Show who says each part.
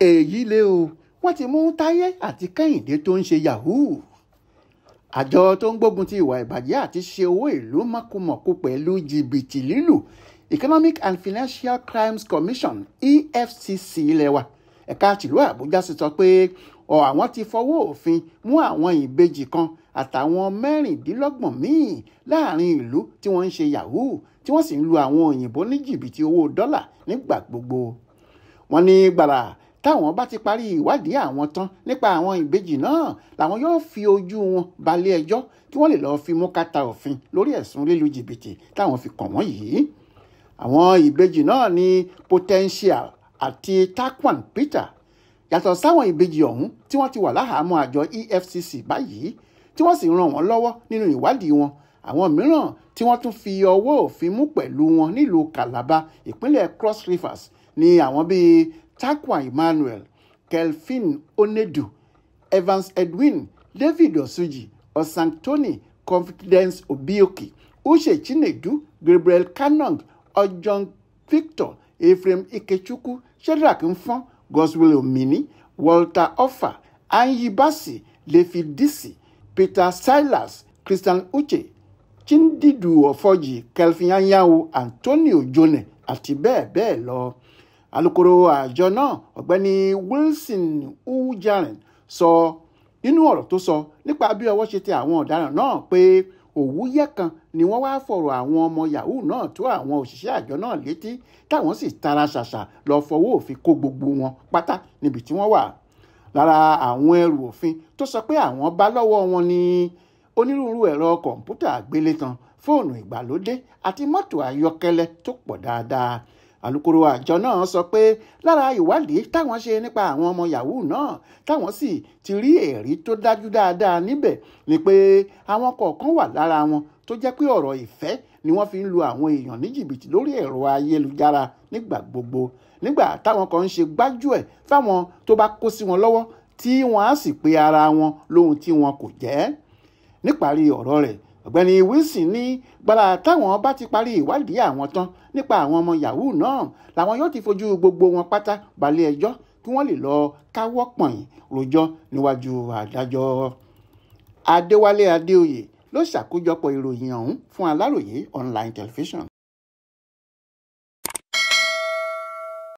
Speaker 1: èyí lé o wọ́n ti mú táyé àti kẹ́hìndé tó ń ṣe yahoo àjọ tó ń gbógun ti ìwà ìbàjẹ́ àti ṣe owó ìlú mọ̀kùmọ̀kù pẹ̀lú jìbìtì lílù economic and financial crimes commission efcc ilẹ̀ wa ẹ̀ka tìlú àbújá sì sọ pé ọ̀ àwọn ti fọwọ́ òfin mú àwọn ìbejì kan àtàwọn mẹ́rìndínlọ́gbọ̀n míì láàrin ìlú tí wọ́n ń ṣe yahoo tí wọ́n sì ń lu àwọn òyìnbó ní jìbìtì owó dọ́là nígbà gbogbo wọ́n ní gbàrà táwọn bá ti parí ìwádìí àwọn tán nípa àwọn ìbejì náà làwọn yóò fi ojú wọn balẹ̀ ẹjọ́ kí wọ́n lè lọ́ọ́ fi mú kàtà òfin lórí ẹ̀sùn lílu jìbìtì táwọn fi kàn wọ́n yìí. àwọn ìbejì náà ni potential àti takwan peter yàtọ̀ sáwọn ìbejì ọ̀hún tí wọ́n ti wà láhàámọ́ àjọ efcc báyìí tí wọ́n sì ràn wọ́n lọ́wọ́ nínú ìwádìí wọn àwọn mìíràn tí wọ́n tún fi ọwọ́ òfin mú pẹ̀lú wọn nílùú calabar ìpínlẹ̀ cross rivers ni àwọn bíi Takwa Emmanuel, Kelvin Onedu, Evans Edwin, David Osuji, Osanctoni, Confidence Obioki, Uche Chinedu, Gabriel Kanong, Ojon Victor, Ephraim Ikechukwu, Shedrack Nfon, Godswill Omini, Walter Offa, Anyi Basi, Lefi Disi, Peter Silas, Christian Uche, Chindidu Ofoji, Kelvin Anyanwu, Antonio Jone àti bẹ́ẹ̀ bẹ́ẹ̀ lọ alukoro àjọ náà ọ̀gbẹ́ni Wilson Ujarin sọ nínú ọ̀rọ̀ tó sọ nípa bí ọwọ́ ṣe tẹ àwọn ọ̀daràn náà pé òwúyẹ́ kan ni wọ́n wá fọ̀rọ̀ àwọn ọmọ yahoo náà tó àwọn òṣìṣẹ́ àjọ náà létí táwọn sì tara ṣàṣà lọ fọwọ́ òfin kó gbogbo wọn pátá níbi tí wọ́n wà lára àwọn ẹrù òfin tó sọ pé àwọn bá lọ́wọ́ wọn ni onírúurú ẹ̀rọ kọ̀ǹpútà àgbélétan fóònù ìgbàlódé àti mọ́tò ayọ́kẹ́lẹ́ tó pọ̀ dáadáa alūkkóró àjọ náà sọ pé lára ìwádìí táwọn ṣe nípa àwọn ọmọ yahoo náà táwọn sì ti rí ẹ̀rí tó dájú dáadáa níbẹ̀ ni pé àwọn kọ̀ọ̀kan wà lára wọn tó jẹ́ pé ọ̀rọ̀ ìfẹ́ ni wọ́n fi ń lu àwọn èèyàn ní jìbìtì lórí ẹ̀rọ ayélujára nígbà gbogbo nígbà táwọn kan ń ṣe gbájú ẹ̀ fáwọn tó bá kó sí wọn lọ́wọ́ tí wọ́n á sì pe ara wọn lóhun tí wọn kò jẹ́ níparí ọ̀rọ̀ rẹ̀ ọ̀gbẹ́ni wilson ní gbàrà táwọn bá ti parí ìwádìí àwọn tán nípa àwọn ọmọ yahoo náà làwọn yóò ti fojú gbogbo wọn pátá balẹ̀-ẹjọ́ kí wọ́n lè lọ káwọ́ pọ̀nyìn rojọ́ níwájú adájọ́ adéwálé adéoyè ló ṣàkójọpọ̀ ìròyìn ọ̀hún fún aláròye online television.